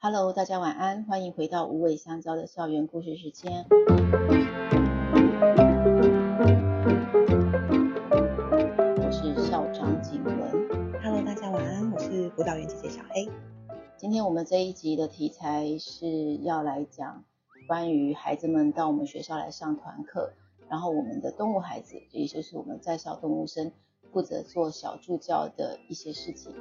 Hello，大家晚安，歡迎回到無尾香蕉的校園故事時間。我是校長景文。Hello，大家晚安，我是輔導員姐姐小黑。今天我們這一集的題材是要來講關於孩子們到我們學校來上團課，然後我們的動物孩子，也就是我們在校動物生，負責做小助教的一些事情。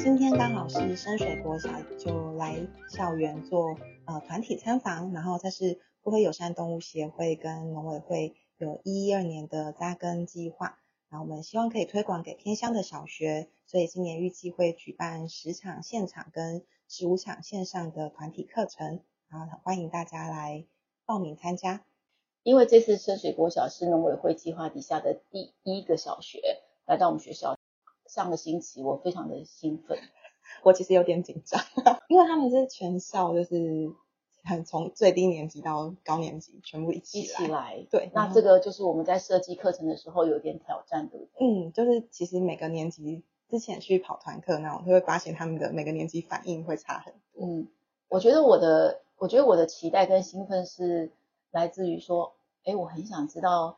今天剛好是深水國小，就來校園做呃團體參訪。然後這是無尾友善動物協會跟農委會有112年的扎根計劃，然後我們希望可以推廣給偏鄉的小學，所以今年預計會舉辦十場現場跟十五場線上的團體課程，然後歡迎大家來報名參加。因為這次深水國小是農委會計劃底下的第一個小學來到我們學校。上個星期我非常的興奮，我其實有點緊張，因為他們是全校，就是很從最低年級到高年級全部一起，一起來，對，那這個就是我們在設計課程的時候有點挑戰，對不對？嗯，就是其實每個年級之前去跑團課，那我就會發現他們的每個年級反應會差很多。嗯，我覺得我的，我覺得我的期待跟興奮是來自於說，哎，我很想知道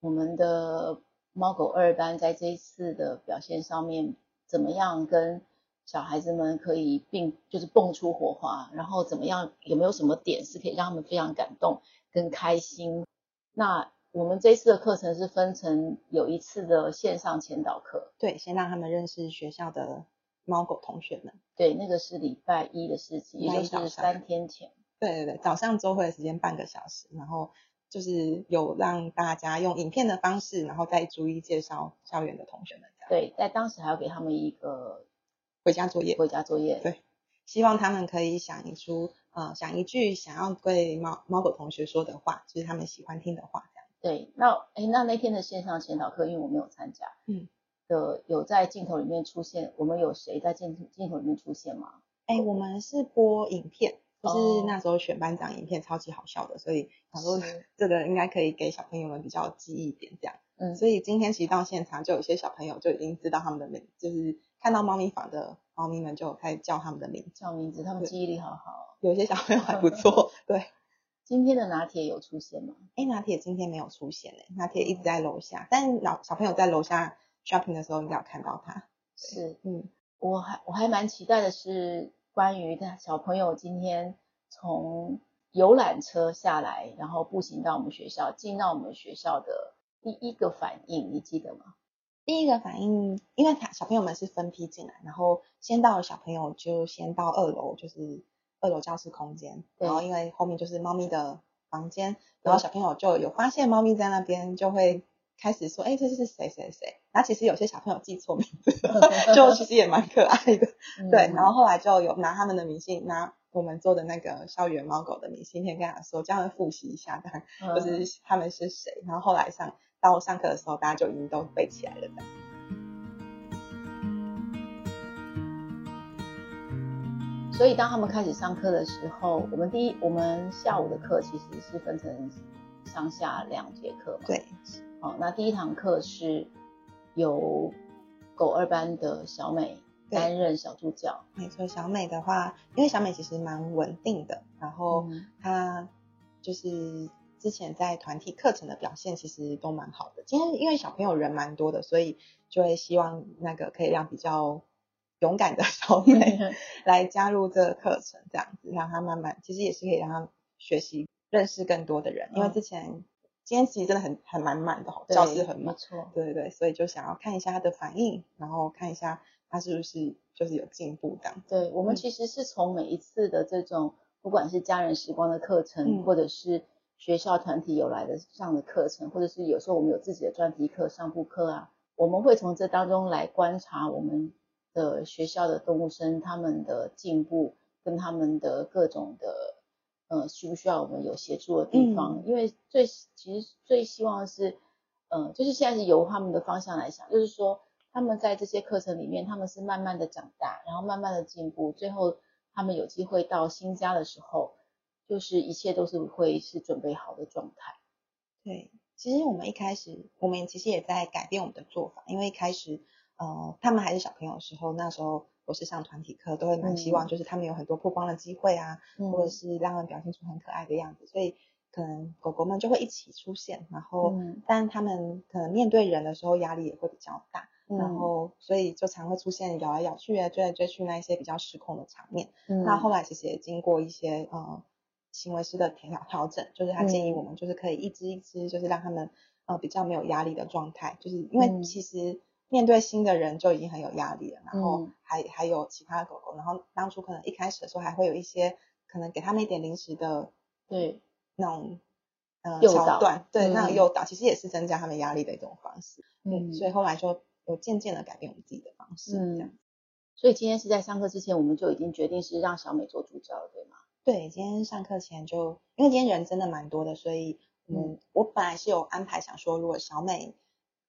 我們的。貓狗二班在這一次的表現上面怎麼樣？跟小孩子們可以並就是蹦出火花，然後怎麼樣？有沒有什麼點是可以讓他們非常感動跟開心？那我們這一次的課程是分成有一次的線上前導課，對，先讓他們認識學校的貓狗同學們。對，那個是禮拜一的事情，也就是三天前。對對對，早上周會的時間半個小時，然後。就是有讓大家用影片的方式，然後再逐一介紹校園的同學們。對，在當時還要給他們一個回家作業。回家作業。對，希望他們可以想一出，呃，想一句想要對貓貓狗同學說的話，就是他們喜歡聽的話這樣。對，那哎、欸，那那天的線上先導課，因為我沒有參加，嗯，的有在鏡頭裡面出現，我們有誰在鏡鏡頭裡面出現嗎？哎、欸，我們是播影片。就是那時候選班長影片超級好笑的，所以想說這個應該可以給小朋友們比較記憶一點，這樣。嗯，所以今天其實到現場就有一些小朋友就已經知道他們的名，就是看到貓咪房的貓咪們就開始叫他們的名字。叫名字，他們記憶力好好。有些小朋友還不錯， 對。今天的拿鐵有出現嗎？哎、欸，拿鐵今天沒有出現嘞、欸，拿鐵一直在樓下，但老小朋友在樓下 shopping 的時候應該有看到他。是，嗯，我還我還蠻期待的是。關於小朋友今天從遊覽車下來，然後步行到我們學校，進到我們學校的第一個反應，你記得嗎？第一個反應，因為小朋友們是分批進來，然後先到的小朋友就先到二樓，就是二樓教室空間，然後因為後面就是貓咪的房間，然後小朋友就有發現貓咪在那邊，就會。開始說，哎、欸，這是誰誰誰？然後其實有些小朋友記錯名字， 就其實也蠻可愛的、 嗯。對，然後後來就有拿他們的明信，拿我們做的那個校園貓狗的明信片跟他說，這樣複習一下，但就是他們是誰。嗯、然後後來上到上課的時候，大家就已經都背起來了。所以當他們開始上課的時候，我們第一，我們下午的課其實是分成上下兩節課嘛。對。好，那第一堂課是由狗二班的小美擔任小助教。沒錯，所以小美的話，因為小美其實蠻穩定的，然後她就是之前在團體課程的表現其實都蠻好的。今天因為小朋友人蠻多的，所以就會希望那個可以讓比較勇敢的小美來加入這個課程，這樣子讓她慢慢，其實也是可以讓她學習認識更多的人，因為之前。今天其實真的很很滿滿的，吼，教室很不錯，對對對，所以就想要看一下他的反應，然後看一下他是不是就是有進步的。對，我們其實是從每一次的這種、嗯，不管是家人時光的課程、嗯，或者是學校團體有來的上的課程，或者是有時候我們有自己的專題課、上部課啊，我們會從這當中來觀察我們的學校的動物生他們的進步跟他們的各種的。呃、嗯，需不需要我們有協助的地方？嗯、因為最其實最希望的是，呃、嗯，就是現在是由他們的方向來想，就是說，他們在這些課程裡面，他們是慢慢的長大，然後慢慢的進步，最後他們有機會到新家的時候，就是一切都是會是準備好的狀態。對，其實我們一開始，我們其實也在改變我們的做法，因為一開始，呃，他們還是小朋友的時候，那時候。或是上團體課，都會蠻希望，就是他們有很多曝光的機會啊、嗯，或者是讓人表現出很可愛的樣子，所以可能狗狗們就會一起出現，然後，嗯、但他們可能面對人的時候壓力也會比較大，嗯、然後，所以就常會出現咬來咬去、啊，追來追去那一些比較失控的場面、嗯。那後來其實也經過一些呃行為師的調調整，就是他建議我們就是可以一隻一隻，就是讓他們呃比較沒有壓力的狀態，就是因為其實。嗯面對新的人就已經很有壓力了，然後還、嗯、還有其他的狗狗，然後當初可能一開始的時候還會有一些可能給他們一點零食的，對那種呃誘導，對、嗯、那種誘導，其實也是增加他們壓力的一種方式。嗯，對，所以後來就有漸漸的改變我們自己的方式。嗯，這樣，所以今天是在上課之前我們就已經決定是讓小美做助教了，對嗎？對，今天上課前就因為今天人真的蠻多的，所以嗯，嗯，我本來是有安排想說如果小美。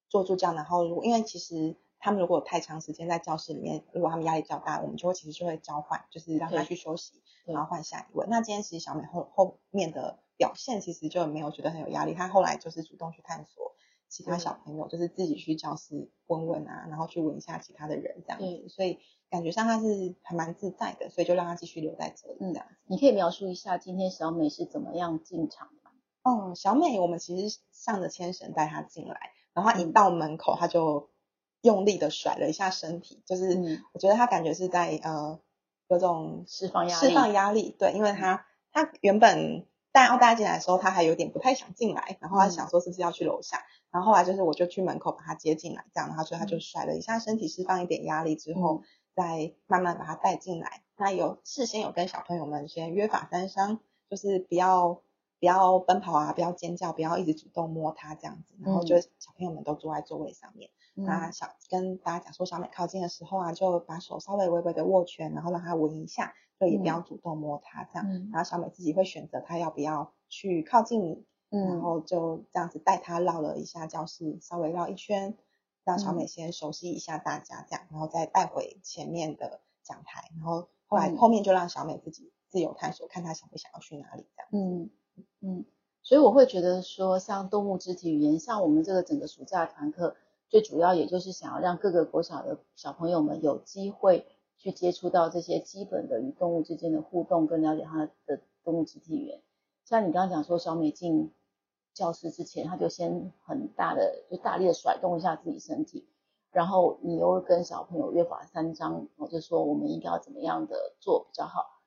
做助教，然後如果，因為其實他們如果有太長時間在教室裡面，如果他們壓力較大，我們就會其實就會交換，就是讓他去休息，然後換下一位。那今天其實小美後後面的表現其實就沒有覺得很有壓力，她後來就是主動去探索其他小朋友、嗯，就是自己去教室聞聞啊，然後去聞一下其他的人這樣子、嗯，所以感覺上她是還蠻自在的，所以就讓她繼續留在這裡。這樣子、嗯，你可以描述一下今天小美是怎麼樣進場的嗎？嗯，小美我們其實上着牽繩帶她進來。然後一到門口，他就用力的甩了一下身體，就是我覺得他感覺是在呃有種釋放壓力、嗯，釋放壓力。對，因為他、嗯、他原本要帶大家進來的時候，他還有點不太想進來，然後他想說是不是要去樓下，然後後來就是我就去門口把他接進來，這樣，然後所以他就甩了一下身體，釋放一點壓力之後，嗯、再慢慢把他帶進來。那有事先有跟小朋友們先約法三章，就是不要。不要奔跑啊！不要尖叫，不要一直主動摸它這樣子。然後就小朋友們都坐在座位上面。嗯、那小跟大家講說，小美靠近的時候啊，就把手稍微微微的握拳，然後讓它聞一下，就也不要主動摸它這樣、嗯。然後小美自己會選擇他要不要去靠近你、嗯。然後就這樣子帶他繞了一下教室，稍微繞一圈，讓小美先熟悉一下大家這樣，然後再帶回前面的講台。然後後來後面就讓小美自己自由探索，看她想不想要去哪裡這樣子。嗯。嗯，所以我會覺得說，像動物肢體語言，像我們這個整個暑假的團課，最主要也就是想要讓各個國小的小朋友們有機會去接觸到這些基本的與動物之間的互動，跟了解它的動物肢體語言。像你剛剛講說，小美進教室之前，他就先很大的就大力的甩動一下自己身體，然後你又跟小朋友約法三章，我就說我們應該要怎麼樣的做比較好。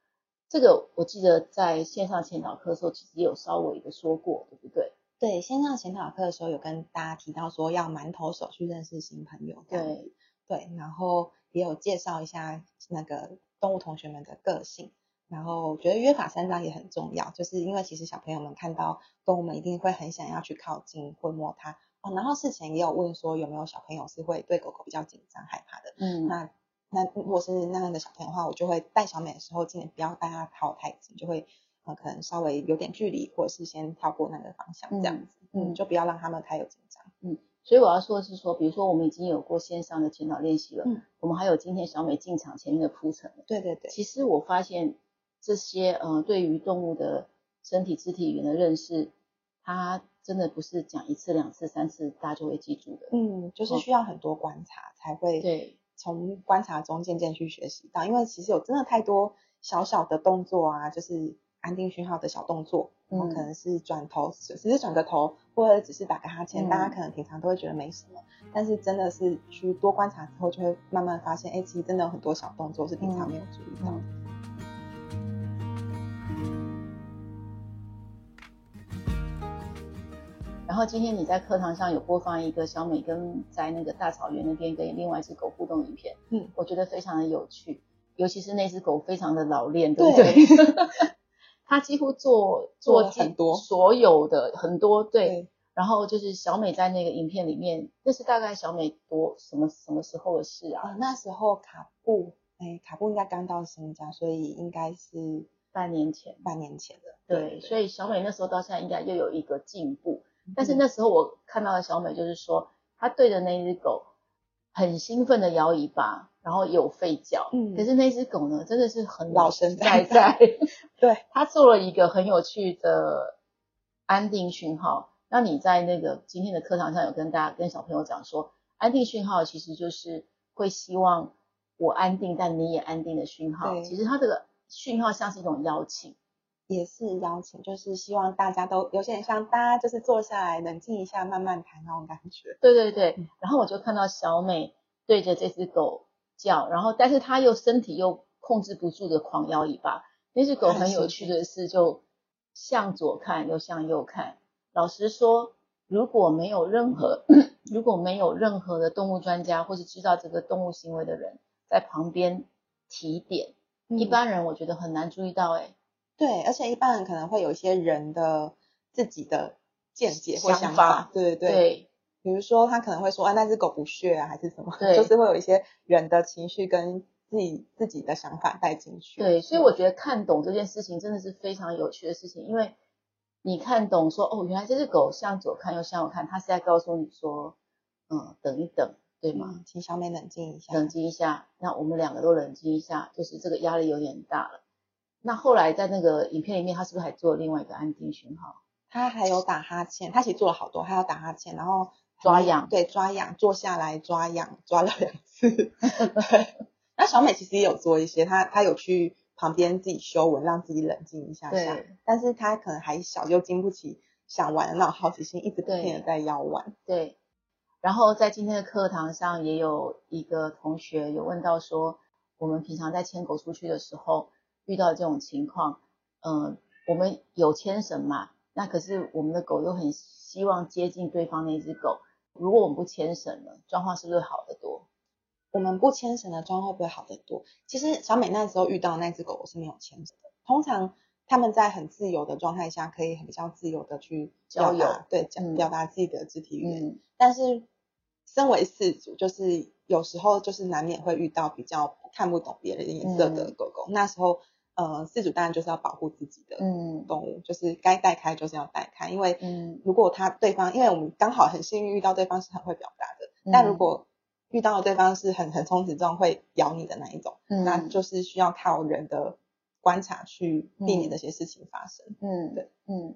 這個我記得在線上前導課的時候，其實也有稍微一個說過，對不對？對，線上前導課的時候有跟大家提到說要饅頭手去認識新朋友，對對，然後也有介紹一下那個動物同學們的個性，然後我覺得約法三章也很重要，就是因為其實小朋友們看到動物們一定會很想要去靠近，會摸它哦。然後事前也有問說有沒有小朋友是會對狗狗比較緊張害怕的，嗯，那。那如果是那樣的小朋友的話，我就會帶小美的時候，盡量不要帶他靠太近，就會呃可能稍微有點距離，或者是先跳過那個方向、嗯、這樣子嗯，嗯，就不要讓他們太有緊張，嗯。所以我要說的是說，比如說我們已經有過線上的前導練習了，嗯，我們還有今天小美進場前面的鋪陳，對對對。其實我發現這些呃，對於動物的身體肢體語言的認識，它真的不是講一次兩次三次大家就會記住的，嗯，就是需要很多觀察才會、嗯、對。從觀察中漸漸去學習到，因為其實有真的太多小小的動作啊，就是安定訊號的小動作，嗯，可能是轉頭，只是轉個頭，或者只是打個哈欠，大家可能平常都會覺得沒什麼，但是真的是去多觀察之後，就會慢慢發現，哎、欸，其實真的有很多小動作是平常沒有注意到的。嗯然後今天你在課堂上有播放一個小美跟在那個大草原那邊跟另外一只狗互動影片，嗯，我覺得非常的有趣，尤其是那只狗非常的老練，對不對？它 幾乎做做很多做所有的很多對、嗯，然後就是小美在那個影片裡面，那是大概小美多什麼什麼時候的事啊？嗯、那時候卡布哎，卡布應該剛到新家，所以應該是半年前，半年前的。對，所以小美那時候到現在應該又有一個進步。但是那時候我看到的小美就是說，嗯、她對着那只狗很興奮的搖尾巴，然後也有吠叫。嗯，可是那只狗呢，真的是很老神在在。對、嗯，它做了一個很有趣的安定訊號。那你在那個今天的課堂上有跟大家、跟小朋友講說，安定訊號其實就是會希望我安定，但你也安定的訊號。其實它這個訊號像是一種邀請。也是邀請，就是希望大家都有些人像大家就是坐下來冷靜一下，慢慢談那種感覺。對對對。嗯、然後我就看到小美對着這隻狗叫，然後但是它又身體又控制不住的狂搖尾巴。那隻狗很有趣的是，就向左看又向右看。老實說，如果沒有任何如果沒有任何的動物專家或是知道這個動物行為的人在旁邊提點、嗯，一般人我覺得很難注意到哎、欸。對，而且一般人可能會有一些人的自己的見解或想法，想法，對對對。比如說，他可能會說：“啊，那只狗不屑啊，還是什麼？”對，就是會有一些人的情緒跟自己自己的想法帶進去。對，所以我覺得看懂這件事情真的是非常有趣的事情，因為你看懂說：“哦，原來這只狗向左看，又向右看，它是在告訴你說，嗯，等一等，對嗎？嗯，請小美冷靜一下，冷靜一下。那我們兩個都冷靜一下，就是這個壓力有點大了。”那後來在那個影片裡面，他是不是還做了另外一個安定訊號？他還有打哈欠，他其實做了好多，他要打哈欠，然後抓癢，對，抓癢，坐下來抓癢，抓了兩次。 那小美其實也有做一些，她她有去旁邊自己修文，讓自己冷靜一下下，但是她可能還小，又經不起想玩那好奇心，一直不停的在要玩，對。對。然後在今天的課堂上，也有一個同學有問到說，我們平常在牽狗出去的時候。遇到這種情況，嗯、呃，我們有牽繩嘛？那可是我們的狗又很希望接近對方那一只狗。如果我們不牽繩了，狀況是不是好得多？我們不牽繩的狀況會不會好得多？其實小美那時候遇到那只狗狗是沒有牽繩的。通常他們在很自由的狀態下，可以很比較自由的去交流，對，表達、嗯、自己的肢體語言、嗯嗯。但是身為飼主，就是有時候就是難免會遇到比較看不懂別人的眼色的狗狗。嗯、那時候。呃，飼主當然就是要保護自己的動物，嗯，就是該帶開就是要帶開，因為如果他對方，嗯，因為我們剛好很幸運遇到對方是很會表達的，嗯，但如果遇到的對方是很很衝直撞會咬你的那一種，嗯，那就是需要靠人的觀察去避免這些事情發生。嗯，對，嗯，嗯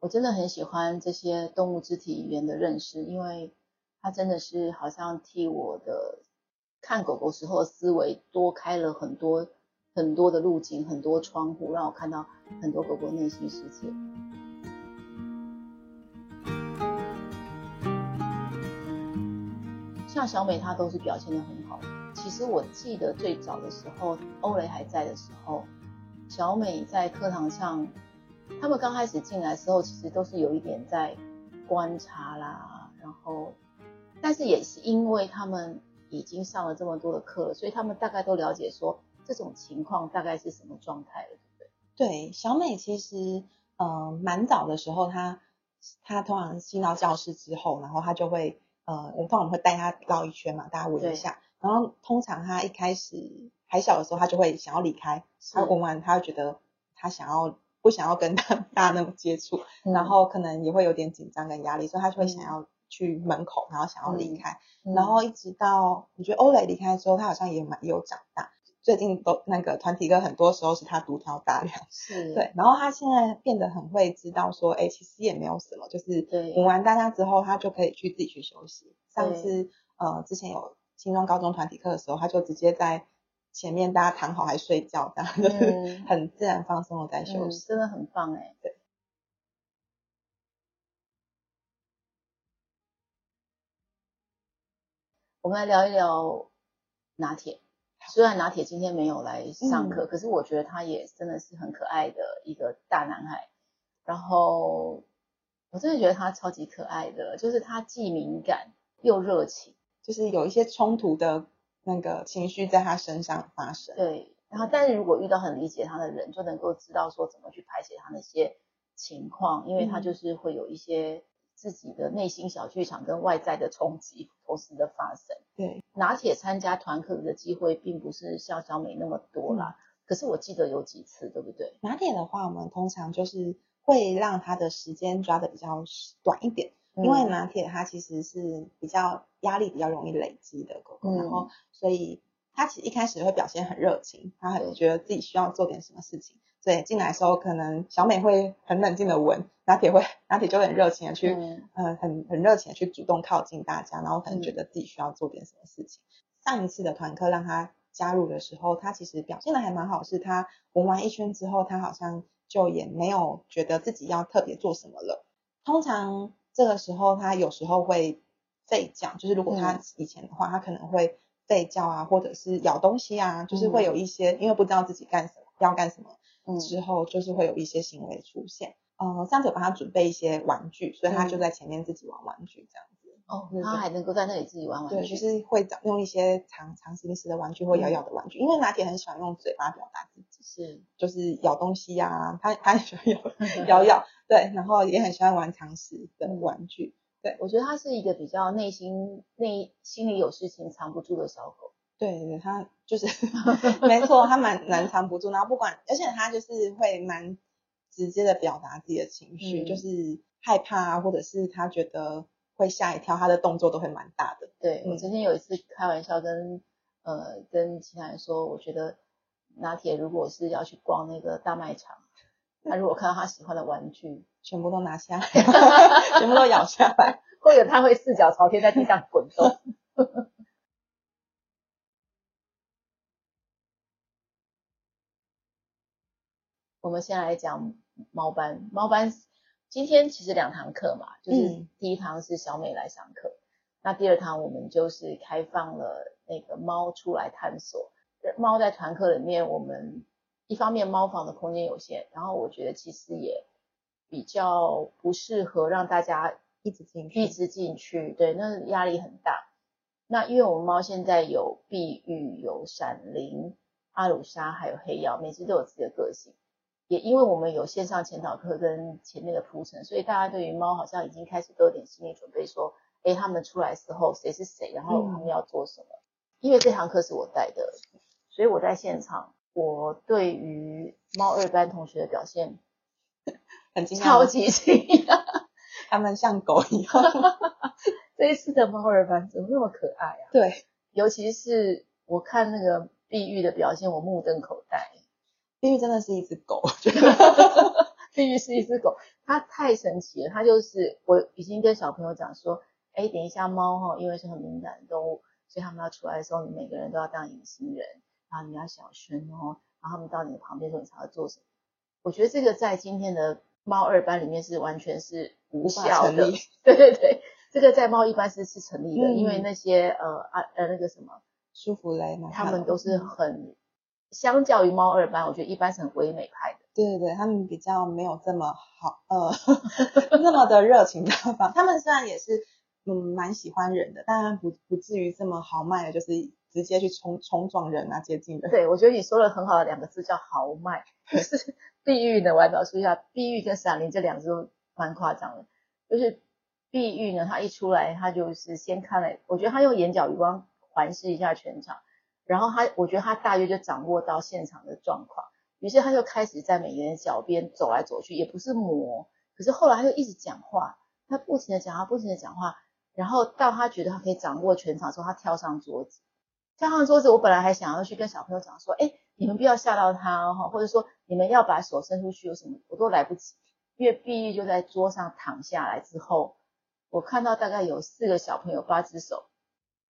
我真的很喜歡這些動物肢體語言的認識，因為它真的是好像替我的看狗狗時候的思維多開了很多。很多的路徑，很多窗戶，讓我看到很多狗狗內心世界。像小美，她都是表現得很好的。其實我記得最早的時候，歐蕾還在的時候，小美在課堂上，他們剛開始進來的時候，其實都是有一點在觀察啦。然後，但是也是因為他們已經上了這麼多的課了，所以他們大概都了解說。這種情況大概是什麼狀態了，對不對？對，小美其實，呃，蠻早的時候，她她通常進到教室之後，然後她就會，呃，我通常會帶她繞一圈嘛，大家圍一下。然後通常她一開始還小的時候，她就會想要離開，她聞完她會覺得她想要不想要跟她大家那種接觸，嗯，然後可能也會有點緊張跟壓力，所以她就會想要去門口，然後想要離開。嗯、然後一直到我覺得歐蕾離開之後，她好像也蠻也有長大。最近都那個團體課很多時候是他獨挑大樑，是對，然後他現在變得很會知道說，哎，其實也沒有什麼，就是舞完大家之後，他就可以去自己去休息。上次呃之前有新莊高中團體課的時候，他就直接在前面大家躺好還睡覺這樣，大、嗯、家 很自然放鬆的在休息，嗯，真的很棒哎，欸。對。我們來聊一聊拿鐵。雖然拿鐵今天沒有來上課，嗯，可是我覺得他也真的是很可愛的一個大男孩。然後我真的覺得他超級可愛的，就是他既敏感又熱情，就是有一些衝突的那個情緒在他身上發生。對，然後但是如果遇到很理解他的人，就能夠知道說怎麼去排解他那些情況，嗯，因為他就是會有一些。自己的內心小劇場跟外在的衝擊同時的發生。對，拿鐵參加團課的機會並不是像小,小美那麼多啦、嗯。可是我記得有幾次，對不對？拿鐵的話，我們通常就是會讓他的時間抓的比較短一點，嗯、因為拿鐵他其實是比較壓力比較容易累積的狗狗、嗯，然後所以他其實一開始會表現很熱情，他很覺得自己需要做點什麼事情。對，進來的時候可能小美會很冷靜的聞，拿鐵會拿鐵就很熱情的去，嗯，呃、很很熱情的去主動靠近大家，然後可能覺得自己需要做點什麼事情。嗯、上一次的團課讓他加入的時候，他其實表現的還蠻好，是他聞完一圈之後，他好像就也沒有覺得自己要特別做什麼了。通常這個時候他有時候會吠叫，就是如果他以前的話，嗯、他可能會吠叫啊，或者是咬東西啊，就是會有一些、嗯、因為不知道自己幹什麼要幹什麼。嗯，之後就是會有一些行為出現，呃、嗯，上次我幫他準備一些玩具，所以他就在前面自己玩玩具這樣子。哦、嗯嗯，他還能夠在那裡自己玩玩具，就是會用一些藏藏食零食的玩具或咬咬的玩具，因為拿鐵很喜歡用嘴巴表達自己，是就是咬東西呀、啊，他他喜歡咬咬， 對，然後也很喜歡玩藏食的玩具，對我覺得他是一個比較內心內心裡有事情藏不住的小狗。對，對他就是沒錯，他蠻難藏不住。 然後不管，而且他就是會蠻直接的表達自己的情緒，嗯、就是害怕、啊、或者是他覺得會嚇一跳，他的動作都會蠻大的。對，嗯、我之前有一次開玩笑跟呃跟其他人說，我覺得拿鐵如果是要去逛那個大賣場，他如果看到他喜歡的玩具，全部都拿下來， 全部都咬下來，或者他會四腳朝天在地上滾動。 我們先來講貓班，貓班今天其實兩堂課嘛，就是第一堂是小美來上課，嗯、那第二堂我們就是開放了那個貓出來探索。貓在團課裡面，我們一方面貓房的空間有限，然後我覺得其實也比較不適合讓大家一直進去，一直進去，對，那壓力很大。那因為我們貓現在有碧玉、有閃靈、阿魯莎，還有黑曜，每只都有自己的個性。也因為我們有線上前導課跟前面的鋪陳，所以大家對於貓好像已經開始都有點心理準備，說，誒、欸，他們出來時候誰是誰，然後他們要做什麼？嗯、因為這堂課是我帶的，所以我在現場，我對於貓二班同學的表現很驚訝，超級驚訝，他們像狗一樣。 這一次的貓二班怎麼那麼可愛啊？對，尤其是我看那個碧玉的表現，我目瞪口呆。碧玉真的是一隻狗，我覺得碧玉是一隻狗，它太神奇了。它就是我已經跟小朋友講說，哎，等一下貓哈，因為是很敏感的動物，所以他們要出來的時候，你每個人都要當隱形人，然後你要小聲哦，然後他們到你的旁邊，你才會做什麼。我覺得這個在今天的貓二班裡面是完全是無效的，無法成立，對對對，這個在貓一班是是成立的，嗯、因為那些呃啊呃、啊、那個什麼舒芙蕾嘛，他們都是很。嗯相較於貓二班，我覺得一班是很唯美派的。對對對，他們比較沒有這麼好，呃，呵呵 那麼的熱情大方。他們雖然也是，嗯，蠻喜歡人的，當然不不至於這麼豪邁的，就是直接去衝衝撞人啊，接近的人。對，我覺得你說了很好的兩個字叫豪邁。可 是 碧玉呢，我來描述一下，碧玉跟閃靈 這兩只都蠻誇張的。就是碧玉呢，它一出來，它就是先看了，我覺得它用眼角餘光環視一下全場。然後他，我覺得他大約就掌握到現場的狀況，於是他就開始在每個人的腳邊走來走去，也不是摸，可是後來他就一直講話，他不停的講話，他不停的講話，然後到他覺得他可以掌握全場之後，他跳上桌子，跳上桌子，我本來還想要去跟小朋友講說，哎，你們不要嚇到他哦，或者說你們要把手伸出去，有什麼我都來不及，因為碧玉就在桌上躺下來之後，我看到大概有四個小朋友八只手，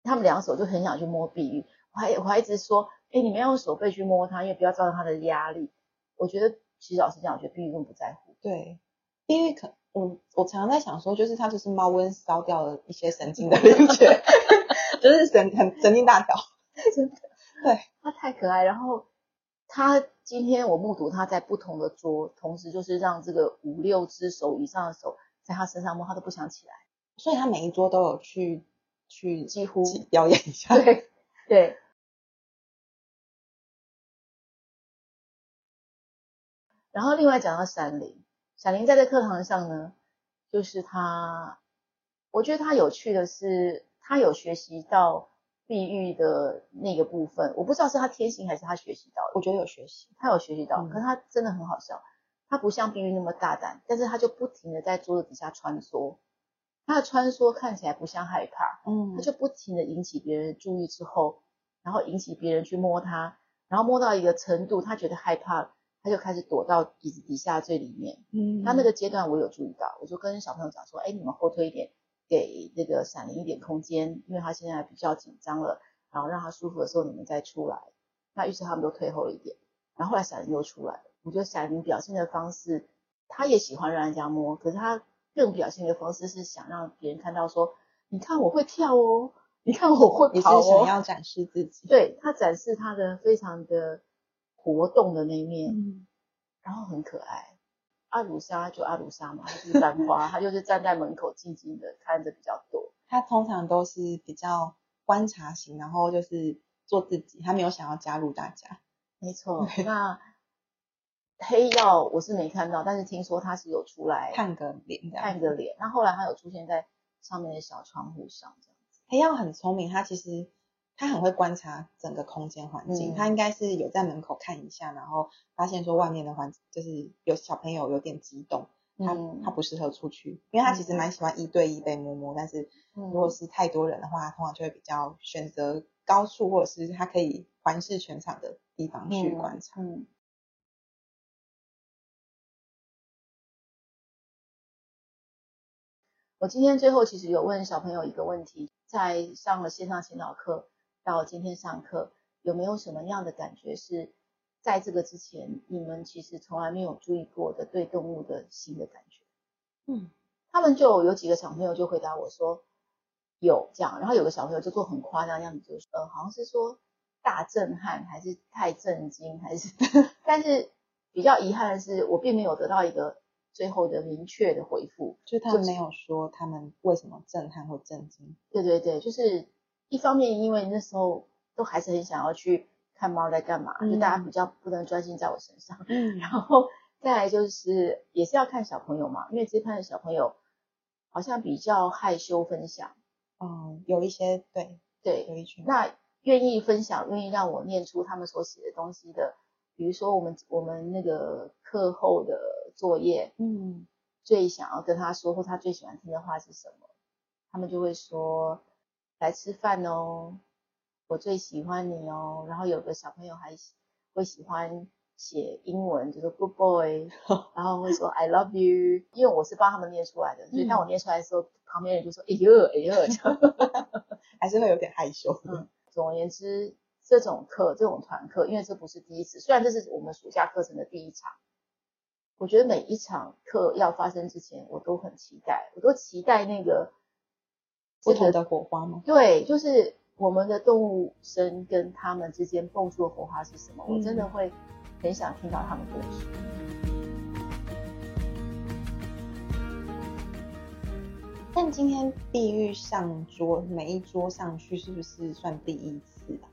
他們兩手就很想去摸碧玉。我還我還一直說，哎、欸，你們要用手背去摸它，因為不要造成它的壓力。我覺得其實老實講，我覺得碧玉更不在乎。對，碧玉可，我我常常在想說，就是它就是貓瘟燒掉了一些神經的連接， 就是神 神神經大條。對，它太可愛。然後它今天我目睹它在不同的桌，同時就是讓這個五六隻手以上的手在它身上摸，它都不想起來。所以它每一桌都有去去幾乎表演一下。對。對然後另外講到閃靈，閃靈在在課堂上呢，就是他，我覺得他有趣的是，他有學習到碧玉的那個部分，我不知道是他天性還是他學習到的，我覺得有學習，他有學習到、嗯，可是他真的很好笑，他不像碧玉那麼大膽，但是他就不停的在桌子底下穿梭，他的穿梭看起來不像害怕，嗯，他就不停的引起別人注意之後，然後引起別人去摸他，然後摸到一個程度，他覺得害怕。他就開始躲到椅子底下最裡面。嗯，他那個階段我有注意到，我就跟小朋友講說：“哎、欸，你們後退一點，給那個閃靈一點空間，因為他現在比較緊張了。然後讓他舒服的時候，你們再出來。那於是他們都退後了一點。然後後來閃靈又出來了。我覺得閃靈表現的方式，他也喜歡讓人家摸，可是他更表現的方式是想讓別人看到說：你看我會跳哦，你看我會跑哦，是想要展示自己。對，他展示他的非常的。”活動的那一面，嗯，然後很可愛。阿魯莎就阿魯莎嘛，他就是班花， 他就是站在門口靜靜的看着比較多。他通常都是比較觀察型，然後就是做自己，他沒有想要加入大家。沒錯。那黑曜我是沒看到，但是聽說他是有出來看個臉，看個臉。那後來他有出現在上面的小窗戶上。這樣子。黑曜很聰明，他其實。他很會觀察整個空間環境、嗯，他應該是有在門口看一下，然後發現說外面的環境就是有小朋友有點激動，嗯、他他不適合出去，因為他其實蠻喜歡一對一被摸摸，嗯、但是如果是太多人的話，他通常就會比較選擇高處或者是他可以環視全場的地方去觀察。嗯嗯、我今天最後其實有問小朋友一個問題，在上了線上前導課。到今天上課，有沒有什麼樣的感覺是在這個之前你們其實從來沒有注意過的對動物的新的感覺？嗯，他們就有幾個小朋友就回答我說有這樣，然後有個小朋友就做很誇張的樣子，就是呃好像是說大震撼還是太震驚還是，但是比較遺憾的是我並沒有得到一個最後的明確的回復，就他沒有說他們為什麼震撼或震驚。就是、對對對，就是。一方面，因為那時候都還是很想要去看貓在幹嘛，嗯、就大家比較不能專心在我身上。嗯、然後再來就是，也是要看小朋友嘛，因為這邊的小朋友好像比較害羞分享。嗯，有一些對對，有一群那願意分享、願意讓我念出他們所寫的東西的，比如說我們我們那個課後的作業，嗯，最想要跟他說或他最喜歡聽的話是什麼，他們就會說。來吃飯哦！我最喜歡你哦。然後有個小朋友還會喜歡寫英文，就是 Good boy， 然後會說 I love you，因為我是幫他們念出來的，所以當我念出來的時候，旁邊人就說哎呦、嗯、哎呦，哎呦 還是會有點害羞。嗯，總而言之，這種課這種團課，因為這不是第一次，雖然這是我們暑假課程的第一場，我覺得每一場課要發生之前，我都很期待，我都期待那個。不同的火花嗎？對，就是我們的動物生跟他們之間蹦出的火花是什麼？嗯？我真的會很想聽到他們的故事、嗯。但今天碧玉上桌，每一桌上去是不是算第一次？啊，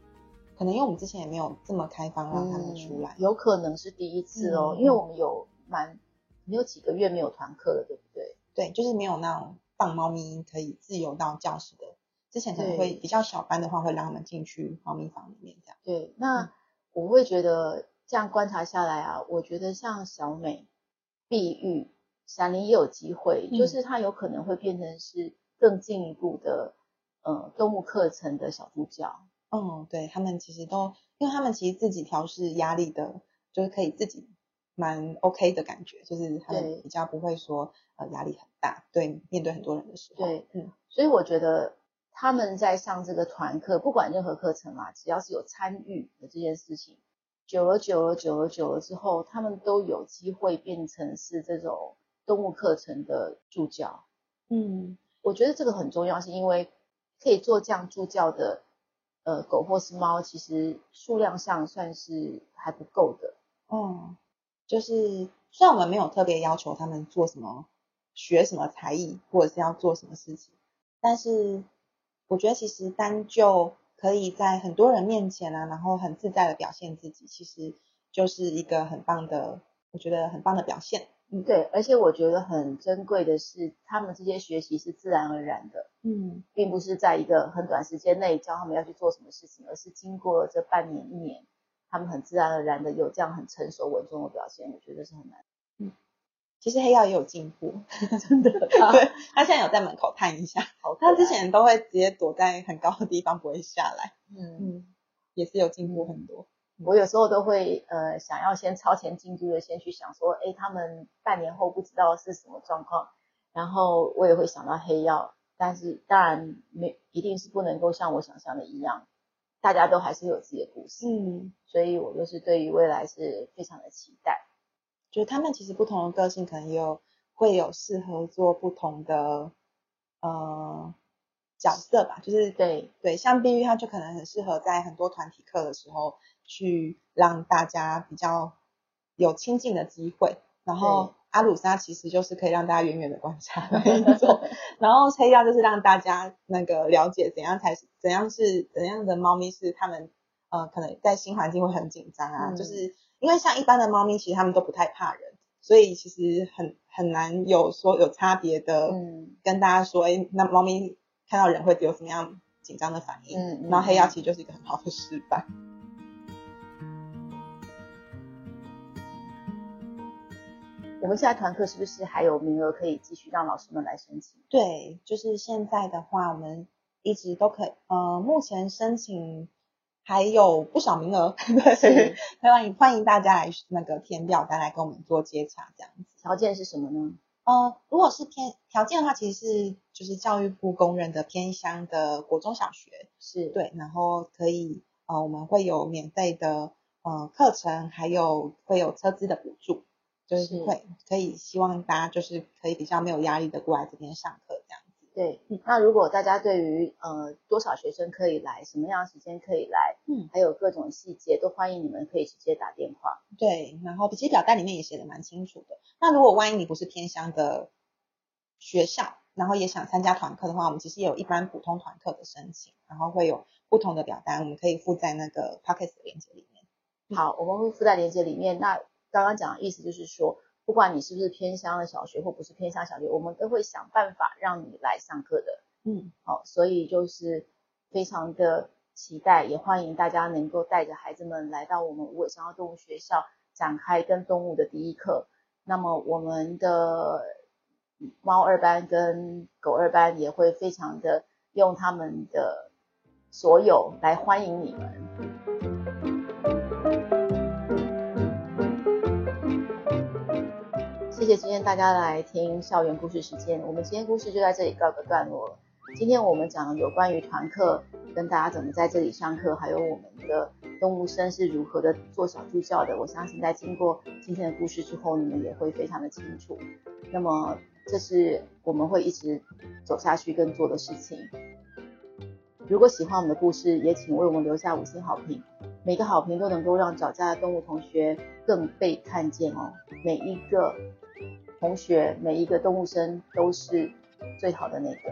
可能因為我們之前也沒有這麼開放讓他們出來，嗯、有可能是第一次哦。嗯、因為我們有蠻沒有幾個月沒有團課了，對不對？對，就是沒有那種。放貓咪可以自由到教室的。之前可能會比較小班的話，會讓他們進去貓咪房裡面這樣。對，那我會覺得這樣觀察下來啊，我覺得像小美、碧玉、閃靈也有機會，嗯，就是它有可能會變成是更進一步的，呃，動物課程的小助教。嗯，對他們其實都，因為他們其實自己調適壓力的，就是可以自己。蠻 OK 的感覺，就是他們比較不會說呃，壓力很大，對、對，面對很多人的時候，對嗯，所以我覺得他們在上這個團課，不管任何課程啦、啊，只要是有參與的這件事情，久了久了久了久了、久了之後，他們都有機會變成是這種動物課程的助教，嗯，我覺得這個很重要，是因為可以做這樣助教的呃，狗或是貓，其實數量上算是還不夠的，嗯。就是雖然我們沒有特別要求他們做什麼、學什麼才藝或者是要做什麼事情，但是我覺得其實單就可以在很多人面前啊，然後很自在的表現自己，其實就是一個很棒的，我覺得很棒的表現。嗯，對，而且我覺得很珍貴的是，他們這些學習是自然而然的，嗯，並不是在一個很短時間內教他們要去做什麼事情，而是經過了這半年一年。他們很自然而然的有這樣很成熟穩重的表現，我覺得是很難。嗯，其實黑曜也有進步， 真的。啊、對，他現在有在門口探一下好，他之前都會直接躲在很高的地方，不會下來。嗯嗯，也是有進步很多，嗯。我有時候都會呃想要先超前進度的先去想說，誒、欸，他們半年後不知道是什麼狀況，然後我也會想到黑曜，但是當然沒一定是不能夠像我想象的一樣。大家都還是有自己的故事，嗯，所以我就是對於未來是非常的期待。覺得他們其實不同的個性，可能也有會有適合做不同的呃角色吧，就是，是對對，像碧玉他就可能很適合在很多團體課的時候去讓大家比較有親近的機會，然後。阿魯莎其實就是可以讓大家遠遠的觀察的那種， 然後黑曜就是讓大家那個了解怎樣才是怎樣是怎樣的貓咪是他們，呃，可能在新環境會很緊張啊，嗯、就是因為像一般的貓咪其實它們都不太怕人，所以其實很很難有說有差別的跟大家說，誒、嗯欸、那貓咪看到人會有什麼樣緊張的反應，嗯嗯、然後黑曜其實就是一個很好的示範。我們現在團課是不是還有名額可以繼續讓老師們來申請？對，就是現在的話，我們一直都可以。呃，目前申請還有不少名額，是歡迎 歡迎大家來那個填表，再來跟我們做接洽這樣子。條件是什麼呢？呃，如果是偏條件的話，其實是就是教育部公認的偏鄉的國中小學，是對，然後可以呃，我們會有免費的呃課程，還有會有車資的補助。就是會可以，希望大家就是可以比較沒有壓力的過來這邊上課這樣子。對，那如果大家對於呃多少學生可以來，什麼樣的時間可以來，嗯，還有各種細節，都歡迎你們可以直接打電話。對，然後其實表單裡面也寫得蠻清楚的。那如果萬一你不是偏鄉的學校，然後也想參加團課的話，我們其實也有一般普通團課的申請，然後會有不同的表單，我們可以附在那個 Pocket 的鏈接裡面。好，我們會附在鏈接裡面。那。剛剛講的意思就是說，不管你是不是偏鄉的小學，或不是偏鄉小學，我們都會想辦法讓你來上課的。嗯，好，所以就是非常的期待，也歡迎大家能夠帶着孩子們來到我們無尾香蕉動物學校，展開跟動物的第一課。那麼我們的貓二班跟狗二班也會非常的用他們的所有來歡迎你們。嗯謝謝今天大家來聽校園故事時間，我們今天故事就在這裡告個段落了。今天我們講有關於團課，跟大家怎麼在這裡上課，還有我們的動物生是如何的做小助教的。我相信在經過今天的故事之後，你們也會非常的清楚。那麼，這是我們會一直走下去更做的事情。如果喜歡我們的故事，也請為我們留下五星好評。每個好評都能夠讓腳下的動物同學更被看見哦。每一個。同學，每一個動物生都是最好的那個，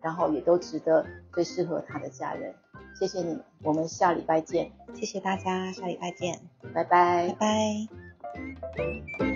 然後也都值得最適合他的家人。謝謝你們，我們下禮拜見。謝謝大家，下禮拜見，拜拜，拜拜。